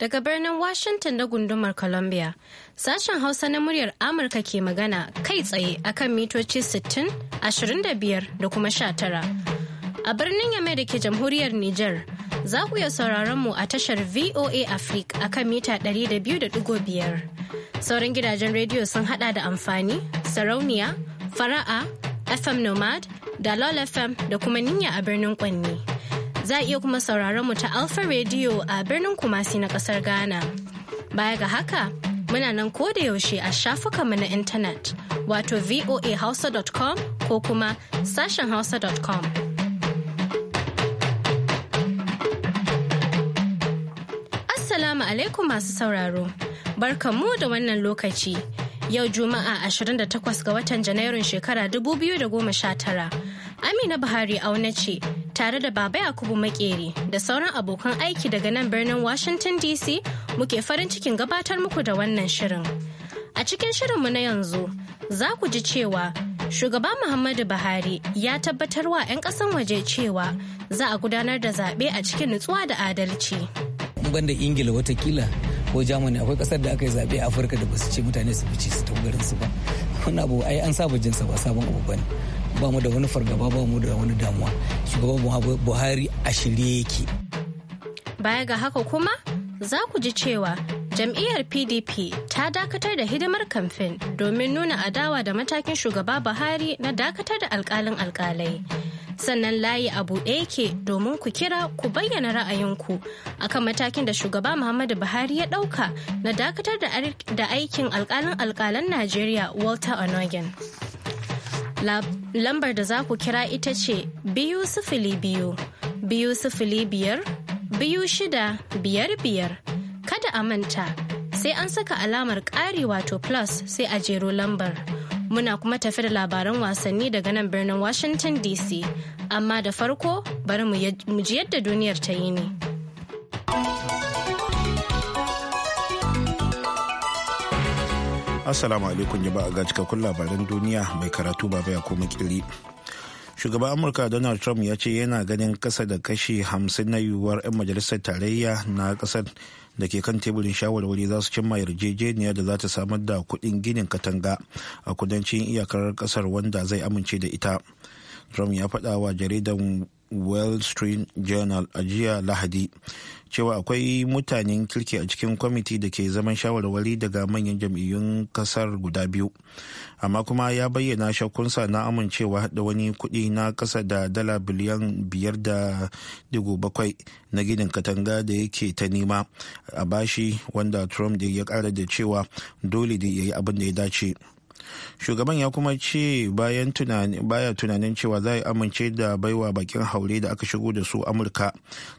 Daga birnin Washington da gundumar Columbia, sashen Hausa na muryar Amurka ke magana kai tsaye akan mitoci 60, 25 da kuma 19. A birnin Yamai da ke jamhuriyar Nijar, za ku iya sauraron mu a tashar VOA Africa akan mita 200.5. Sauran gidajen rediyo sun hada da amfani, sarauniya, fara'a, FM Nomad, da Lola FM da kuma ninya a birnin kwanne za a iya kuma sauraron mu ta Alpha Radio a birnin Kumasi na kasar Ghana. Baya ga haka, muna nan ko da yaushe a shafukanmu na intanet wato voahausa.com ko kuma sashen hausa.com. Assalamu alaikum masu sauraro, barkanmu da wannan lokaci. Yau Juma'a 28 ga watan Janairun shekara 2019. Amina Buhari auna ce tare da Baba Yakubu Makeri da sauran abokan aiki daga nan birnin Washington DC muke farin cikin gabatar muku da wannan shirin. A cikin shirinmu na yanzu, za ku ji cewa Shugaba Muhammadu Buhari ya tabbatar wa 'yan ƙasan waje cewa za a gudanar da zaɓe a cikin nutsuwa da adalci. Banda Ingila watakila ko Germany akwai ƙasar da aka yi zaɓe a Afirka da ba su ce mutane su fice su tafi su ba. Wannan abu ai an saba jinsa ba sabon abu ne. ba mu da wani fargaba ba mu da wani damuwa Shugaba buhari a shirye yake baya ga haka kuma za ku ji cewa jam'iyyar pdp ta dakatar da hidimar kamfen domin nuna adawa da matakin shugaba buhari na dakatar da alkalin alkalai sannan layi Abu ɗaya ke domin ku kira ku bayyana ra'ayinku akan matakin da shugaba muhammadu buhari ya ɗauka na dakatar da aikin alkalin alkalan najeriya walter onogin. Lambar da za ku kira ita ce biyu sifili biyu, biyu sifili biyar, biyu shida biyar biyar. Kada a manta sai an saka alamar ƙari wato plus sai a jero lambar. Muna kuma tafi da labaran wasanni daga nan birnin Washington DC. Amma da farko bari mu ji yadda duniyar ta yi ne. Assalamu alaikum ba ga cikakkun labaran duniya mai karatu ba ya kuma kiri. Shugaban Amurka Donald Trump ya ce yana ganin kasa da kashi hamsin na yiwuwar 'yan majalisar tarayya na kasar da ke kan teburin shawarwari za su cimma yarjejeniya da za ta samar da kuɗin ginin katanga a kudancin iyakar kasar wanda zai amince da ita. trump ya faɗa wa jaridan wall street journal a jiya lahadi cewa akwai mutanen kirki a cikin kwamiti da ke zaman shawarwari daga manyan jam'iyyun kasar guda biyu amma kuma ya bayyana shakunsa na amincewa da wani kudi na kasa da dala biliyan biyar da digo bakwai na ginin katanga da yake ta nema a bashi wanda trump da ya kara da cewa dole da ya yi abin da ya dace shugaban ya kuma ce bayan baya tunanin cewa za a amince da baiwa bakin haure da aka shigo da su amurka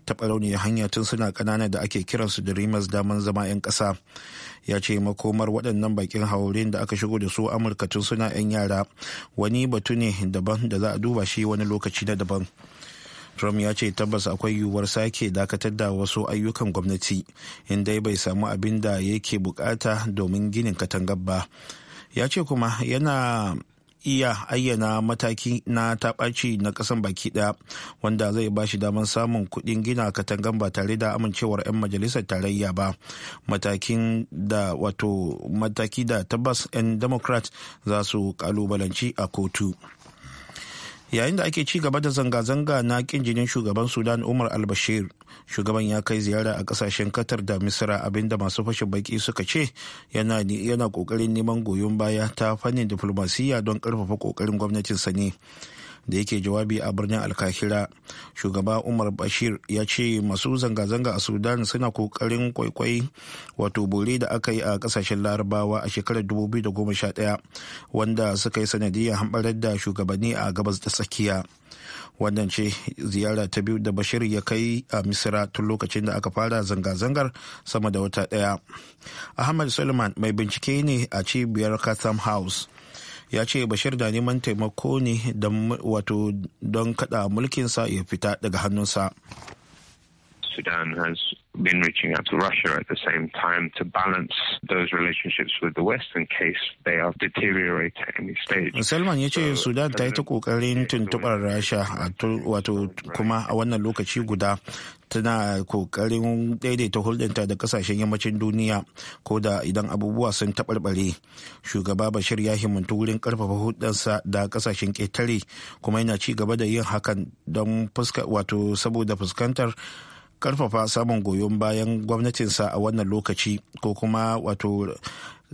ta barauniyar hanya tun suna kanana da ake kiransu da rimas daman zama 'yan kasa ya ce makomar waɗannan bakin haure da aka shigo da su amurka tun suna 'yan yara wani batu ne daban da za a duba shi wani lokaci na daban trump ya ce tabbas akwai yiwuwar sake dakatar da wasu ayyukan gwamnati in dai bai samu abin da yake bukata domin ginin katangar ba ya ce kuma yana iya ayyana mataki na tabaci na ƙasan baki ɗaya wanda zai ba shi damar samun kuɗin gina katangan ba tare da amincewar 'yan majalisar tarayya ba matakin da wato mataki da tabbas 'yan democrat za su ƙalubalanci a kotu. yayin da ake ci gaba da zanga-zanga na kinjinin shugaban sudan umar al-bashir shugaban ya kai ziyara a kasashen katar da misira abinda masu fashin baki suka ce yana yana kokarin neman goyon baya ta fannin diflomasiyya don karfafa kokarin gwamnatin sani ne da yake jawabi a birnin alkahira shugaba umar bashir ya ce masu zanga-zanga a sudan suna kokarin kwaikwai wato bore da aka yi a kasashen larabawa a shekarar 2011 wanda suka yi sanadiyar hambarar da shugabanni a gabas da tsakiya wannan ce ziyara ta biyu da bashir ya kai a misira tun lokacin da aka fara zanga-zangar sama da wata ɗaya ahmad suleiman mai bincike ne a cibiyar chatham house ya ce bashir da neman taimako ne wato don kada mulkinsa ya fita daga hannunsa sudan has been reaching out to Russia at the same time to balance those relationships with the West in case they are deteriorate at any stage. Salman ya ce Sudan ta yi ta kokarin tuntuɓar Rasha wato kuma a wannan lokaci guda tana kokarin daidaita hulɗinta da kasashen yammacin duniya ko da idan abubuwa sun taɓarɓare shugaba bashir ya himmantu wurin ƙarfafa hulɗarsa da kasashen ƙetare kuma yana ci gaba da yin hakan don fuska wato saboda fuskantar karfafa samun goyon bayan gwamnatinsa a wannan lokaci ko kuma wato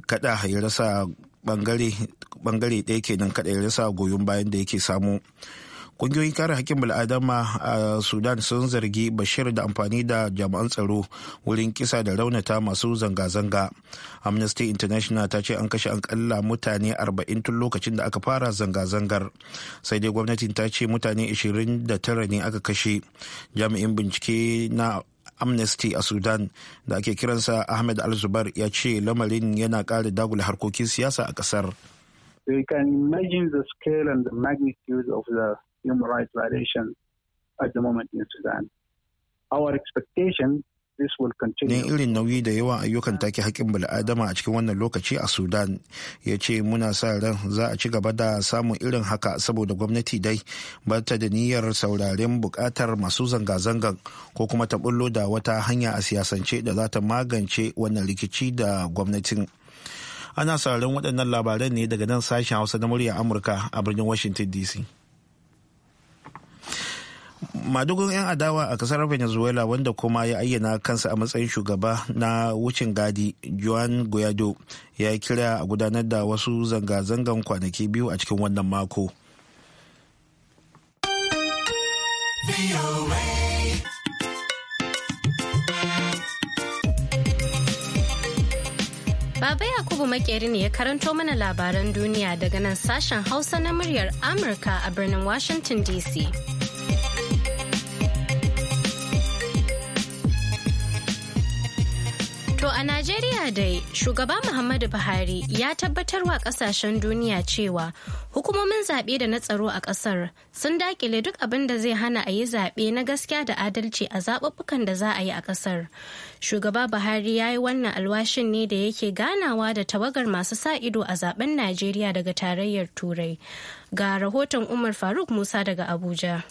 kada ya rasa bangare ɗaya kenan kada ya rasa goyon bayan da yake samu kungiyoyin kare hakkin bil'adama a sudan sun zargi bashir da amfani da jami'an tsaro wurin kisa da raunata masu zanga-zanga amnesty international ta ce an kashe akalla mutane 40 tun lokacin da aka fara zanga-zangar sai dai gwamnatin ta ce mutane 29 ne aka kashe jami'in bincike na amnesty a sudan da ake kiransa ahmed al ya ce lamarin yana ƙara dagula harkokin siyasa a ƙasar. human rights violations at the moment in Sudan. Our expectation Ne irin nauyi da yawan ayyukan take haƙƙin bil'adama a cikin wannan lokaci a Sudan ya ce muna sa ran za a ci gaba da samun irin haka saboda gwamnati dai ba ta da niyyar sauraren buƙatar masu zanga-zangan ko kuma ta bullo da wata hanya a siyasance da za ta magance wannan rikici da gwamnatin. Ana sauraron waɗannan labaran ne daga nan sashen Hausa na murya Amurka a birnin Washington DC. madugun 'yan adawa a kasar venezuela wanda kuma ya ayyana kansa a matsayin shugaba na wucin gadi juan guaido ya yi kira a gudanar da wasu zanga-zangan kwanaki biyu a cikin wannan mako Baba Yakubu Makeri ne ya karanto mana labaran duniya daga nan sashen Hausa na muryar Amurka a birnin Washington DC. a Najeriya dai, shugaba Muhammadu Buhari ya tabbatar wa kasashen duniya cewa hukumomin zaɓe da na tsaro a ƙasar sun daƙile duk abin da zai hana a yi zaɓe na gaskiya da adalci a zaɓuɓɓukan da za a yi a ƙasar. Shugaba Buhari ya yi wannan alwashin ne da yake ganawa da tawagar masu sa ido a zaɓen Najeriya daga tarayyar Turai. Ga rahoton Umar Faruk Musa daga Abuja.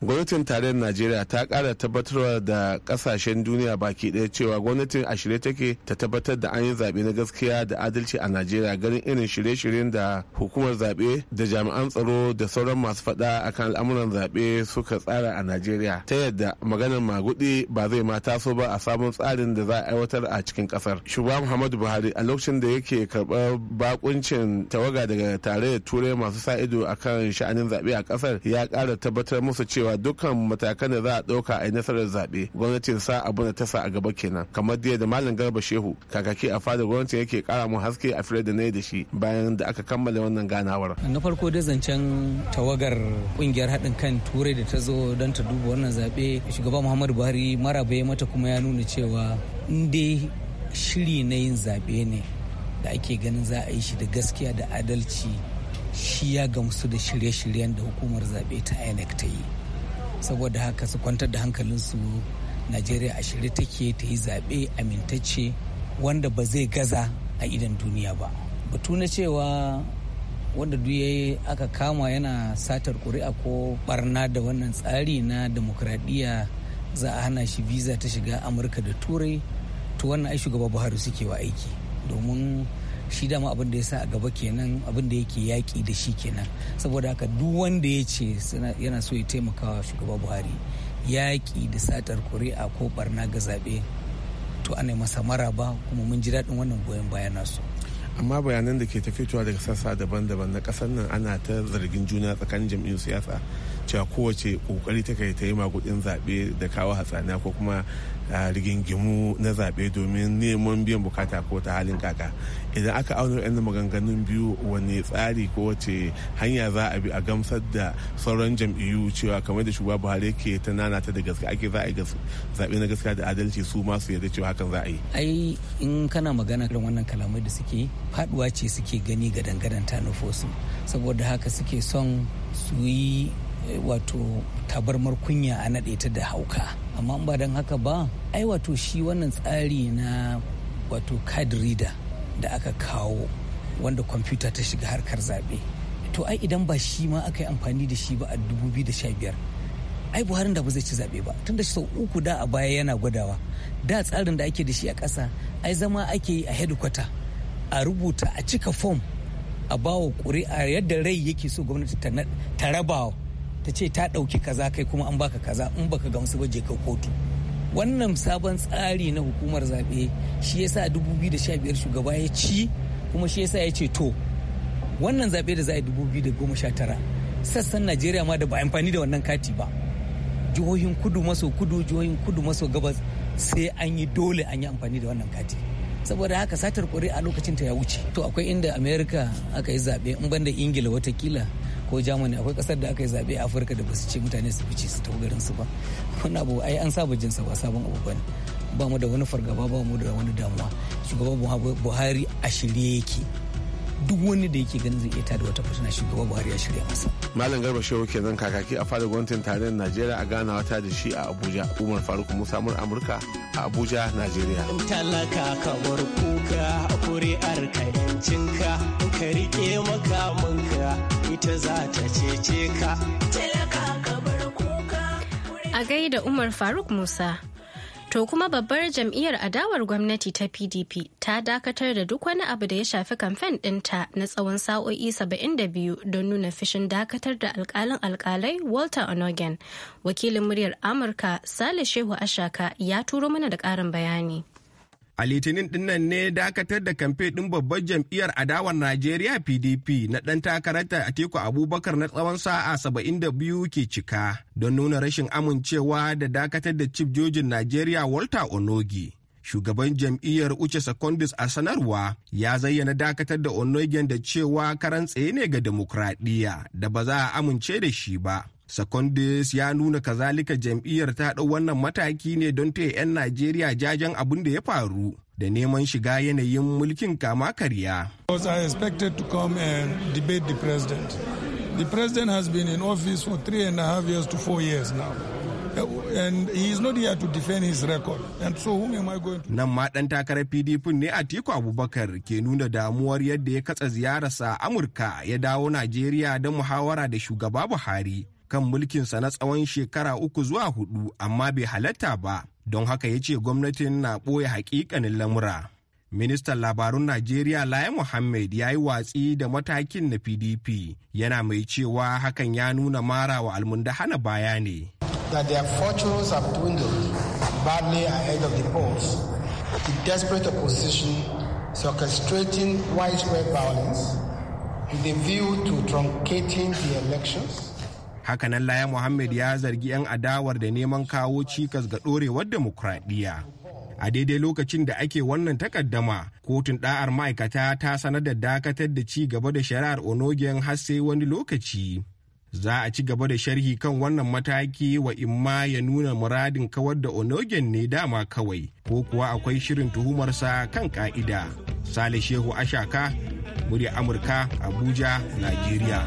gwamnatin tarayyar najeriya ta kara tabbatarwa da kasashen duniya baki daya cewa gwamnatin a shirye take ta tabbatar da an yi zaɓe na gaskiya da adalci a najeriya ganin irin shirye-shiryen da hukumar zaɓe da jami'an tsaro da sauran masu faɗa akan al'amuran zaɓe suka tsara a najeriya ta yadda maganar maguɗi ba zai ma taso ba a sabon tsarin da za a aiwatar a cikin kasar shugaba muhammadu buhari a lokacin da yake karɓar bakuncin tawaga daga tarayyar turai masu sa ido akan sha'anin zaɓe a kasar ya ƙara tabbatar musu cewa cewa dukkan matakan da za a ɗauka a yi nasarar zaɓe gwamnatin sa abu da ta sa a gaba kenan kamar da malam garba shehu kakaki a fadar gwamnati yake kara mun haske a fira da na da shi bayan da aka kammala wannan ganawar na farko dai zancen tawagar kungiyar haɗin kan turai da ta zo don ta duba wannan zaɓe shugaba muhammadu buhari mara ya mata kuma ya nuna cewa in dai shiri na yin zaɓe ne da ake ganin za a yi shi da gaskiya da adalci shi ya gamsu da shirye-shiryen da hukumar zaɓe ta inec ta yi saboda haka su kwantar da hankalinsu najeriya a shirye take ta yi zaɓe amintacce wanda ba zai gaza a idan duniya ba batu na cewa wanda duk aka kama yana satar ƙuri'a ko barna da wannan tsari na demokradiyya za a hana shi visa ta shiga amurka da turai to wannan ai shugaba buhari suke wa aiki domin shi dama abin da ya sa a gaba kenan abin da yake yaƙi da shi kenan saboda haka duk wanda ya ce yana so ya taimakawa shugaba buhari yaƙi da satar kuri'a ko barna ga zaɓe to ana masa maraba kuma mun ji daɗin wannan goyon bayan nasu amma bayanan da ke fitowa daga sassa daban-daban na ƙasar nan ana ta zargin juna tsakanin jam'iyyar siyasa cewa kowace kokari ta kai ta yi magudin zaɓe da kawo hatsaniya ko kuma rigingimu na zaɓe domin neman biyan bukata ko ta halin kaka idan aka auna yan maganganun biyu wani tsari ko wace hanya za a bi a gamsar da sauran jam'iyyu cewa kamar da shugaba buhari ke ta nanata da gaske ake za a yi zaɓe na gaskiya da adalci su ma su yarda cewa hakan za a yi ai in kana magana irin wannan kalamai da suke faduwa ce suke gani ga dangadan ta nufosu saboda haka suke son su yi wato tabarmar kunya a naɗe ta da hauka amma ba don haka ba ai wato shi wannan tsari na wato card reader da aka kawo wanda kwamfuta ta shiga harkar zaɓe to ai idan ba shi ma aka yi amfani da shi ba a 2015 ai buharin da ba zai ci zaɓe ba tun tunda sau uku da a baya yana gwadawa da tsarin da ake da shi a ƙasa ai zama ake yi a hedikwata a rubuta a cika fom a bawa ƙuri'a yadda rai yake so gwamnati ta rabawa ta ce ta ɗauki kaza kai kuma an baka kaza in baka gamsu ba je ka kotu wannan sabon tsari na hukumar zaɓe shi ya sha 2015 shugaba ya ci kuma shi ya sa ya ce to wannan zaɓe da za a yi 2019 sassan najeriya ma da ba amfani da wannan kati ba jihohin kudu maso kudu jihohin kudu maso gabas sai an yi dole an yi amfani da wannan kati saboda haka satar a lokacin ta ya wuce to akwai inda america aka yi zaɓe in banda ingila watakila ko germany akwai kasar da aka yi zaɓe a afirka da basu ce mutane su fice su tafi garin su ba wani abu ai an saba jinsa ba sabon abu bane ba mu da wani fargaba ba mu da wani damuwa shugaban buhari a shirye yake duk wani da yake ganin zai iya tada wata fitina shugaba buhari ya shirya masa malam garba shehu kenan kakaki a fadar gwamnatin tarayyar najeriya a ganawa ta da shi a abuja umar faruk musa mur amurka a abuja najeriya talaka kamar kuka kuri'ar ka yancinka ka rike makamanka ita za ta cece ka talaka kamar kuka a gaida umar faruk musa To kuma babbar jam'iyyar adawar gwamnati ta PDP ta dakatar da duk wani abu da ya shafi kamfen ɗinta na tsawon sa'o'i 72 don nuna fishin dakatar da alkalin alkalai Walter Onogen. Wakilin muryar Amurka Sale Shehu Ashaka ya turo mana da ƙarin bayani. a litinin dinnan ne dakatar da kamfe din babbar jam'iyyar adawar najeriya pdp na ɗan takararta atiku abubakar na tsawon sa'a biyu ke cika don nuna rashin amincewa da dakatar da cif jojin najeriya walter onogi shugaban jam'iyyar uche secondis a sanarwa ya zayyana dakatar da onogen da cewa karan tsaye ne ga demokradiyya da ba za a amince da shi ba Secondus ya nuna kazalika jam'iyyar ta ɗau wannan mataki ne don ta 'yan Najeriya jajen abin da ya faru da neman shiga yanayin mulkin kama karya. has in office for three is not his record. Nan ma ɗan takarar PDP ne a tiku Abubakar ke nuna damuwar yadda ya katsa ziyararsa Amurka ya dawo Najeriya don muhawara da shugaba Buhari. kan mulkinsa na tsawon shekara uku zuwa hudu amma bai halatta ba don haka ya ce gwamnatin na ɓoye hakikanin lamura. Ministan labarun Najeriya Lai Mohammed ya yi watsi da matakin na PDP yana mai cewa hakan ya nuna mara wa almundahana baya ne. That their fortunes have dwindled badly ahead of the polls. The desperate opposition is orchestrating widespread violence with a view to truncating the elections. hakanan laya muhammad ya zargi 'yan adawar da neman kawo cikas ga ɗorewar demokuraɗiyya a daidai lokacin da ake wannan takaddama kotun da'ar ma'aikata ta sanar da dakatar da ci gaba da shari'ar onogen har sai wani lokaci za a ci gaba da sharhi kan wannan mataki wa imma ya nuna muradin kawar da onogen ne dama kawai ko kuwa akwai shirin tuhumarsa kan ka'ida sale shehu ashaka murya amurka abuja nigeria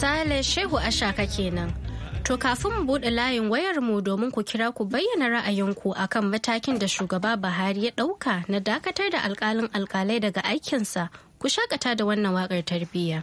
Sale Shehu Ashaka kenan. To kafin mu buɗe layin wayar mu domin ku kira ku bayyana ra'ayinku akan matakin da shugaba Buhari ya ɗauka na dakatar da alkalin alkalai daga aikinsa ku shakata da wannan waƙar tarbiyya.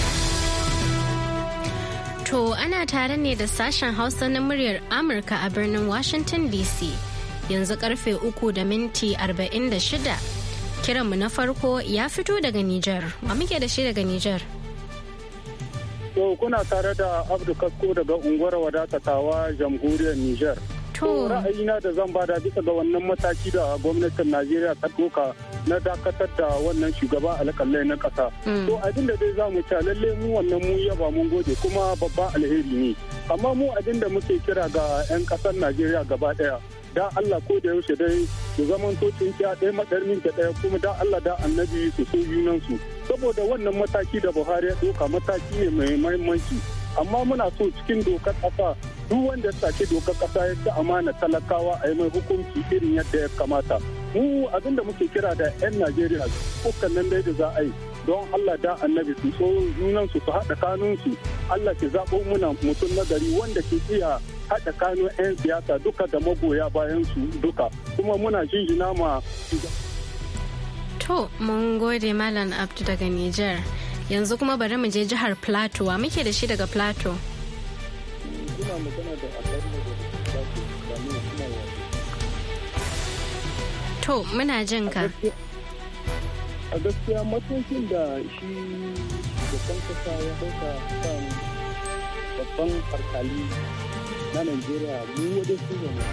To ana tare ne da sashen Hausa na muryar Amurka a birnin Washington DC. Yanzu karfe uku da minti 46. Kiranmu na farko ya fito daga Nijar. Wa muke da shi daga Nijar? To kuna tare da Abdu Kasko daga unguwar wadatatawa jamhuriyar Nijar. ra'ayina da zan bada bisa ga wannan mataki da gwamnatin najeriya ta doka na dakatar da wannan shugaba alƙalle na ƙasa mm. to abin da dai za mu ci lalle mu wannan mu yaba mun gode kuma babban alheri ne amma mu abin da muke kira ga 'yan ƙasar najeriya gaba ɗaya da Allah ko da yaushe dai su zaman to a ɗaya maɗarmin da ɗaya kuma da Allah da annabi su so junan su saboda wannan mataki da Buhari ya ɗauka mataki ne mai mahimmanci amma muna so cikin dokar ƙasa duk wanda ya sake dokar ƙasa ya ci amana talakawa a yi mai hukunci irin yadda ya kamata mu abin da muke kira da 'yan najeriya dukkan nan dai da za a yi don allah da annabi su so nunan su su haɗa kanunsu allah ke zaɓo muna mutum nagari wanda ke iya haɗa kanun 'yan siyasa duka da magoya bayan su duka kuma muna jinjina ma to mun gode malam abdu daga nijar yanzu kuma bari mu je jihar plateau wa muke da shi daga plateau to muna jin ka a gaskiya matakin da shi da kasa ya hauka kan babban harkali na najeriya mu wadda su da mu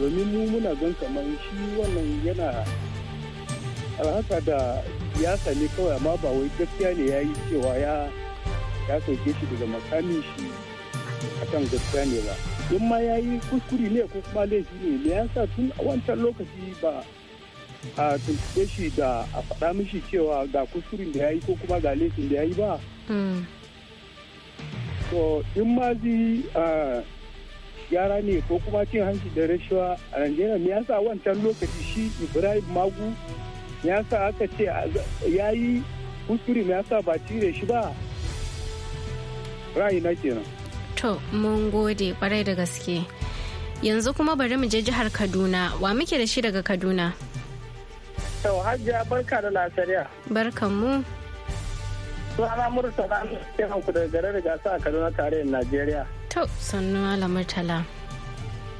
domin mu muna gan kamar shi wannan yana alhaka da siyasa ne kawai amma ba wai gaskiya ne ya yi cewa ya ya sauke shi daga makamin shi a akan gaskiya ne ba in ma ya yi kuskure ne ko kuma laifi ne me yasa tun a wancan lokaci ba a tuntuɓe shi da a faɗa mishi cewa ga kuskurin da ya yi ko kuma ga laifin da ya yi ba hmm. to in ma zi gyara ne ko kuma cin hanci da rashawa a najeriya me yasa wancan lokaci shi ibrahim magu ya sa aka ce ya yi kuskure ya sa ba cire shi ba ra'ayi na kenan to mun gode kwarai da gaske yanzu kuma bari mu je jihar kaduna wa muke da shi daga kaduna to hajiya barka da lasariya barkan mu suna murtala kiran ku daga garin gasa a kaduna tarayyar najeriya to sannu alamurtala murtala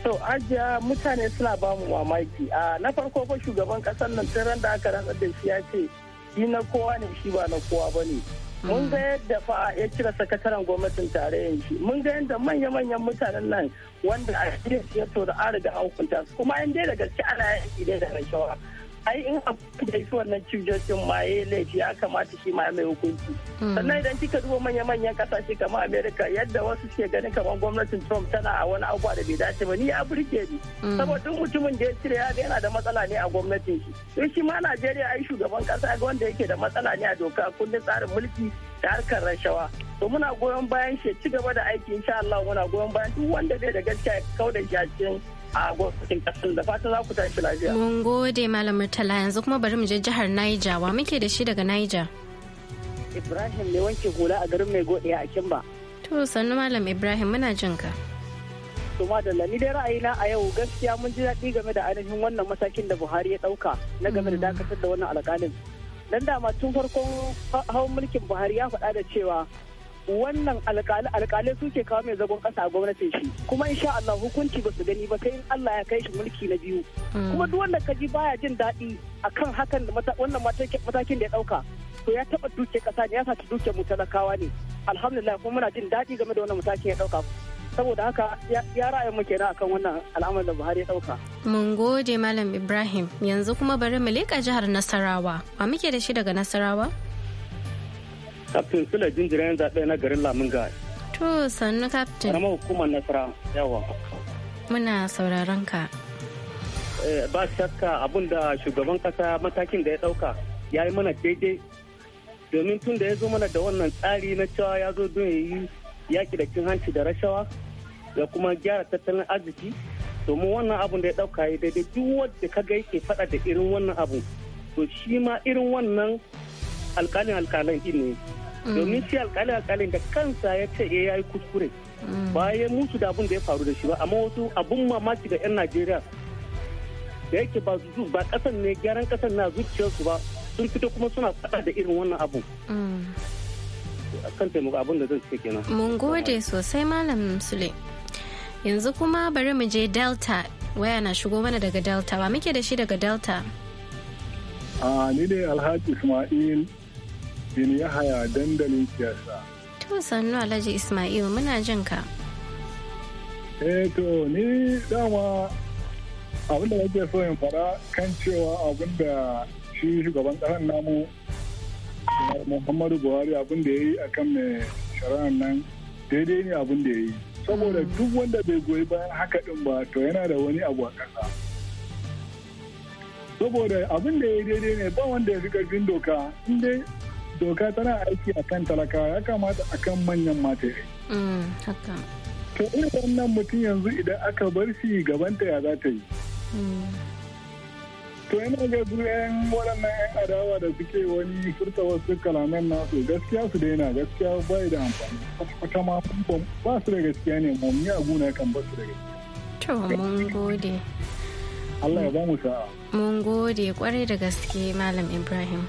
so ajiya mutane suna ba mu mamaki. A na farko ko shugaban kasar nan ran da aka rantsar da shi ya ce shi na kowa ne shi ba na kowa ba ne. Hmm. Mun ga yadda fa ya cire sakataren gwamnatin tarayyar shi. Mun ga yadda manya-manyan mutanen nan wanda a shirya ya da an riga an hukunta su kuma in dai da gaske ana yin da rashawa. ai in da shi wannan cutocin ma ya eh, laifi ya kamata shi ma mai hukunci hmm. sannan idan kika duba manya-manyan kasashe kamar Amerika. yadda wasu ke ganin kamar gwamnatin trump tana a wani abuwa da bai dace ba ni ya burge ni hmm. saboda mutumin da ya cire ya yana da matsala ne a gwamnatin shi in shi ma najeriya ai shugaban kasa ga wanda yake da matsala ne a doka kundin tsarin mulki da harkar rashawa to muna goyon bayan shi ci gaba da aiki insha Allah muna goyon bayan duk wanda bai da gaskiya kauda da a cikin gwamnatin da fata za ku tashi lafiya. Mun gode Malam Murtala yanzu kuma bari mu je jihar Niger wa muke da shi daga Niger. Ibrahim ne wanke hula a garin mai godiya a Kimba. To sannu Malam Ibrahim muna jin ka. To madalla ni dai ra'ayina a yau gaskiya mun ji daɗi game da ainihin wannan matakin da Buhari ya ɗauka na game da mm. dakatar da wannan alƙalin. Dan dama tun farkon hawan mulkin Buhari ya faɗa da cewa wannan alkali alkali suke kawo mai zagon kasa a gwamnatin shi kuma insha Allah hukunci ba su gani ba sai in Allah ya kai shi mulki na biyu hmm. kuma duk wanda kaji baya jin daɗi akan hakan wannan matakin da ya ɗauka to ya taɓa duke ƙasa ne ya saci duke mu talakawa ne alhamdulillah kuma muna jin daɗi game da wannan matakin ya ɗauka saboda haka ya ra'ayi mu kenan akan wannan al'amarin da Buhari ya ɗauka. Mun gode Malam Ibrahim yanzu kuma bari mu leƙa jihar Nasarawa. Wa muke da shi daga Nasarawa? Kaftin Sule jinjirin zaɓe na garin Lamunga. To sannu kaftin. Karamar hukumar nasara yawa. Muna sauraron ka. Eh, ba shakka abun da shugaban kasa matakin da ya ɗauka ya yi mana daidai domin tun da ya zo mana da wannan tsari na cewa ya zo don ya yi yaƙi da cin hanci da rashawa da kuma gyara tattalin arziki domin wannan abun da ya ɗauka ya daidai duk wanda ka ga yake faɗa da irin wannan abu to shi ma irin wannan alƙalin alƙalan ne domin shi alkali alkalin da kansa ya ce eh, ya yi kuskure mm. bayan musu da abin da ya faru da shi ba amma wasu abun mamaki ga 'yan najeriya da yake ba su ba kasan ne gyaran kasan na zuciyarsu ba sun fito kuma suna fada da irin wannan abu mm. kan taimaka abin da zan ce kenan mun gode sosai malam sule yanzu kuma bari mu je delta waya na shigo mana daga delta ba muke da shi daga delta ah, ni ne alhaji ismail bin yahaya dandalin siyasa to sannu alhaji ismail muna jin ka eh to ni dama abin da nake so in fara kan cewa abin da shi shugaban ƙasar namu muhammadu buhari abin da ya yi a kan mai shari'ar nan daidai ne abin da ya yi saboda mm. duk wanda bai goyi bayan haka din ba to yana da wani abu a ƙasa saboda abin da ya yi daidai ne ba wanda ya fi ƙarfin doka in dai doka tana aiki a kan talakawa ya kamata a kan manyan mata mm, to irin wannan mutum yanzu idan aka bar shi gabanta ya za ta yi mm. to yana ga yan waɗannan yan adawa da suke wani furta wasu kalaman nasu gaskiya su daina gaskiya yi da amfani Wata ma ba su da gaskiya ne mu ya guna kan ba su da gaskiya to mun gode Allah ya ba mu sa'a mun gode kwarai da gaske malam Ibrahim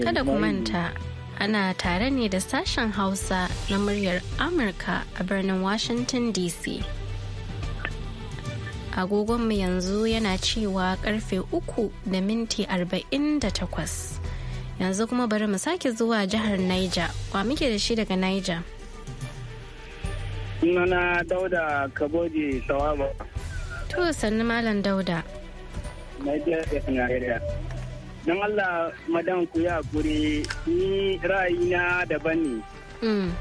Kada ku manta ana tare ne da sashen Hausa na muryar Amurka a birnin Washington DC. Agogonmu yanzu yana cewa karfe uku da minti arba'in da takwas. Yanzu kuma bari mu sake zuwa jihar Niger. kwa muke da shi daga Niger? nuna Dauda Kaboji Sawaba. To sannu Malam Dauda. Niger don Allah madan ku ya gure ni ra'ayina daban ne. Mm.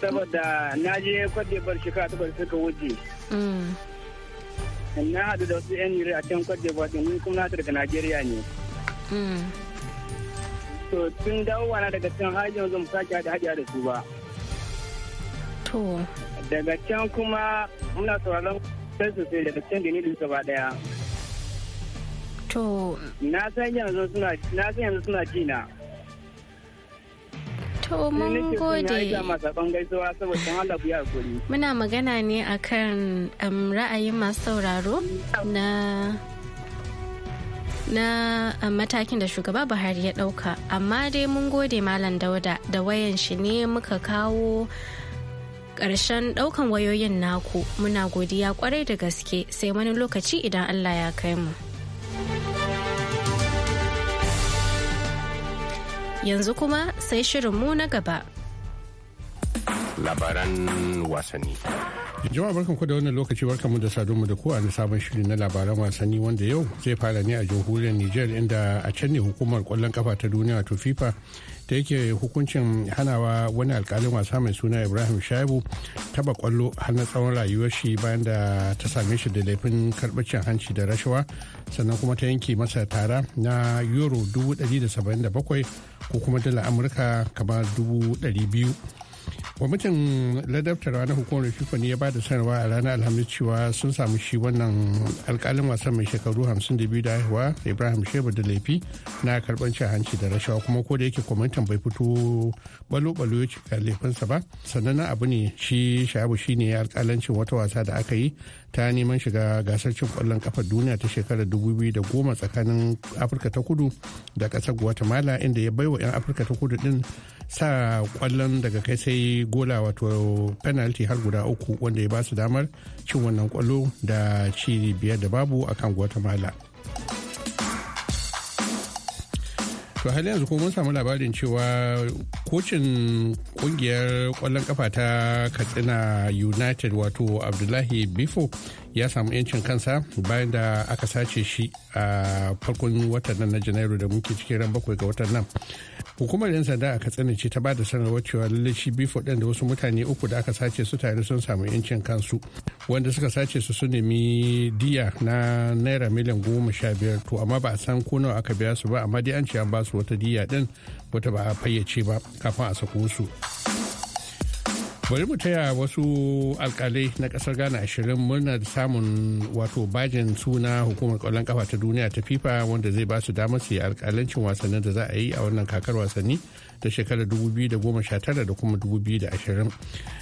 Saboda na je kwadde bar shekara bar suka wuce. Mm. Na haɗu da wasu 'yan nira a can kwadde bar ni kuma na daga Najeriya ne. Mm. To tun dawo wana daga can har yanzu mu sake haɗa haɗa da su ba. To. Daga can kuma muna sauraron sai sosai daga can da ni da gaba ɗaya. To. Na san yanzu suna na san yanzu suna ji To mun gode. Muna magana ne akan um, ra'ayin masu sauraro na na um, matakin da shugaba buhari ya ɗauka, amma dai mun gode malam dauda da wayan shi ne muka kawo ƙarshen ɗaukan wayoyin naku muna godiya kwarai da gaske sai wani lokaci idan allah ya kai mu. Yanzu kuma sai shirin mu na gaba. Labaran wasanni. Jama'a barkan ku da wannan lokaci barkan mu da mu da kowa na sabon shiri na labaran wasanni wanda yau zai fara ne a jamhuriyar Nijar inda a can ne hukumar kwallon kafa ta duniya to FIFA da yake hukuncin hanawa wani alkalin wasa mai suna ibrahim shaibu taba kwallo har na tsawon rayuwar shi bayan da ta same shi da laifin karbacin hanci da rashawa sannan kuma ta yanke masa tara na euro 177 ko kuma dala amurka kamar 200 kwamitin ladabtarwa na hukumar fifa ne ya ba da sanarwa a ranar alhamis cewa sun samu shi wannan alkalin wasan mai shekaru 52 da haihuwa ibrahim shebu da laifi na karban cin hanci da rashawa kuma ko da yake kwamitin bai fito balo-balo ya cika laifinsa ba sannan abu ne shi shabu shi ne alkalancin wata wasa da aka yi ta neman shiga gasar cin kwallon kafa duniya ta shekarar 2010 tsakanin afirka ta kudu da kasar guatemala inda ya baiwa 'yan afirka ta kudu din sa kwallon daga kai sai gola wato penalty har guda uku wanda ya ba su damar cin wannan kwallo da ci biyar da babu akan guatemala to hali yanzu ko mun samu labarin cewa kocin kungiyar kwallon kafa ta katsina united wato abdullahi bifo ya samu 'yancin kansa bayan da aka sace shi a farkon watan nan na janairu da muke cikin ran bakwai ga watan nan hukumar yan sanda a katsina ce ta ba da sanarwar cewa lallai shi bifo da wasu mutane uku da aka sace su tare sun samu 'yancin kansu wanda suka sace su su nemi diya na naira miliyan goma sha biyar to amma ba a san ko nawa aka biya su ba amma dai an ce an ba su wata diya din wata ba a fayyace ba kafin a sako su. bari mu taya wasu alkalai na kasar ghana ashirin murnar samun wato bajin suna hukumar kwallon kafa ta duniya ta fifa wanda zai ba su damar su yi alkalancin wasannin da za a yi a wannan kakar wasanni ta shekarar 2019 da kuma 2020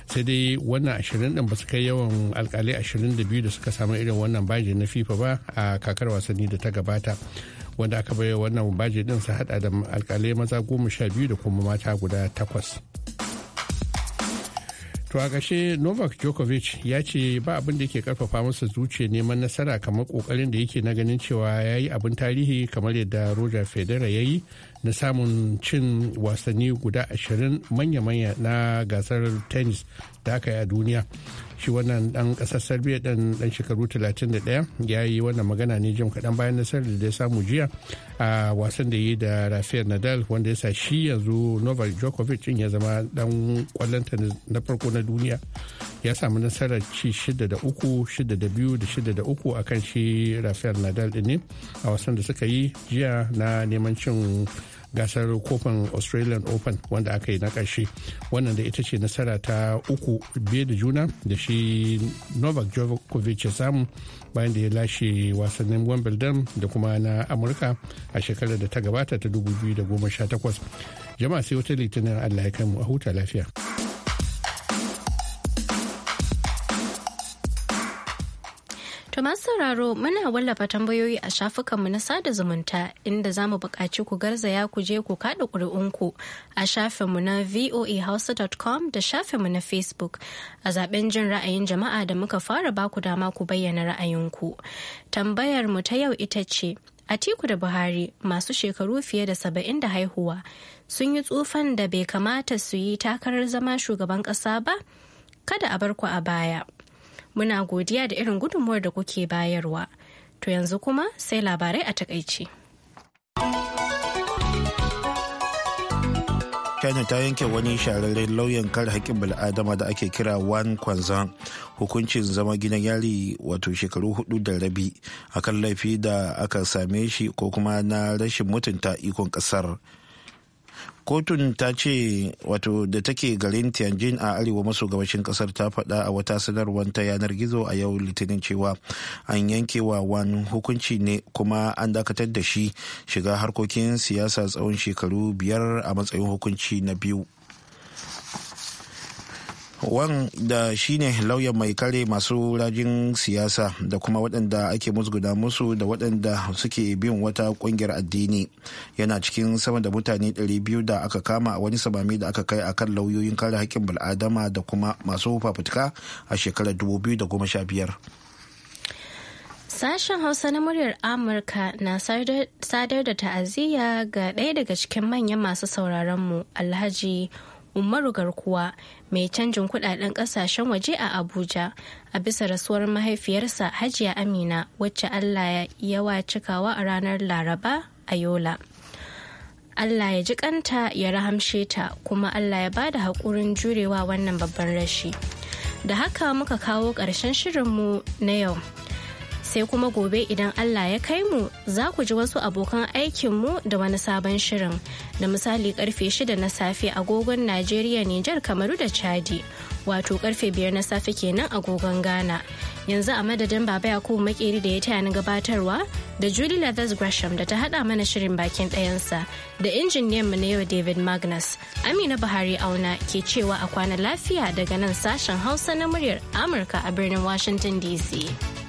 sai dai wannan ashirin din ba su kai yawan alkalai ashirin da biyu da suka samu irin wannan bajin na fifa ba a kakar wasanni da ta gabata wanda aka bai wannan baji din su hada da alkalai maza goma sha biyu da kuma mata guda takwas. to a ƙarshe novak djokovic ya ce ba abin da yake karfafa masa zuce neman nasara kamar kokarin da yake na ganin cewa ya yi abin tarihi kamar yadda roger federer ya yi na samun cin wasanni guda ashirin manya-manya na gasar tennis da aka yi a duniya shi wannan dan kasar serbia dan dan shekaru 31 ya yi wannan magana ne jim kaɗan bayan nasarar da ya samu jiya a wasan da yi da rafael nadal wanda ya sa shi yanzu novak djokovic in ya zama dan kwallon tennis na farko na duniya ya samu nasarar ci 6 da 3 6 da 2 da 6 da 3 akan shi rafael nadal din ne a wasan da suka yi jiya na neman cin gasar kofin australian open wanda aka yi na ƙarshe wannan da ita ce nasara ta uku biye da juna da shi novak djokovic ya samu bayan da ya lashe wasannin wimbledon da kuma na amurka a shekarar da ta gabata ta 2018 jama'a sai wata litinin allah ya kai mu a huta lafiya. To masu sauraro muna wallafa tambayoyi a shafukanmu na sada zumunta inda za mu buƙaci ku garzaya ku je ku kaɗa ƙuri'unku a shafinmu na voahouse.com da mu na Facebook a zaben jin ra'ayin jama'a da muka fara baku dama ku bayyana ra'ayinku. Tambayar mu ta yau ita ce, Atiku da Buhari masu shekaru fiye da saba'in da haihuwa sun yi tsufan da bai kamata su yi takarar zama shugaban ƙasa ba? Kada a bar ku a baya. Muna godiya da irin gudunmuwar da kuke bayarwa. To yanzu kuma sai labarai a takaici. China ta yanke wani shararren lauyan kare haƙƙin bil'adama da ake kira Wan Kwanzan hukuncin zama gidan yari wato shekaru hudu da rabi akan laifi da aka same shi ko kuma na rashin mutunta ikon ƙasar. kotun ta ce wato da take garin tianjin a arewa maso gabashin kasar ta faɗa a wata sanarwar ta yanar gizo a yau litinin cewa an yanke wa wani hukunci ne kuma an dakatar da shi shiga harkokin siyasa tsawon shekaru biyar a matsayin hukunci na biyu wan da shine lauyan mai kare masu rajin siyasa da kuma waɗanda ake musguda musu da waɗanda suke bin wata ƙungiyar addini yana cikin sama da mutane 200 da aka kama a wani sabami da aka kai akan lauyoyin kare haƙƙin bil'adama da kuma masu fafutuka a shekarar 2015 Sashen Hausa na muryar Amurka na sadar da ta'aziyya ga ɗaya daga cikin manyan masu sauraronmu Alhaji umaru garkuwa mai canjin kudaden kasashen waje a abuja a bisa rasuwar mahaifiyarsa hajiya amina wacce allah ya wa cikawa a ranar laraba a yola allah ya ji kanta ya rahamshe ta kuma allah ya bada haƙurin jurewa wannan babban rashi da haka muka kawo ƙarshen shirinmu na yau sai kuma gobe idan Allah ya kai mu za ku ji wasu abokan aikinmu da wani sabon shirin da misali karfe shida na safe agogon Najeriya Nijar Kamaru da Chadi wato karfe biyar na safe kenan agogon Ghana yanzu a madadin Baba ya kuma Makeri da ya taya ni gabatarwa da Julie Leathers Gresham da ta hada mana shirin bakin ɗayansa da injiniyan mu na yau David Magnus Amina Buhari Auna ke cewa a kwana lafiya daga nan sashen Hausa na muryar Amurka a birnin Washington DC.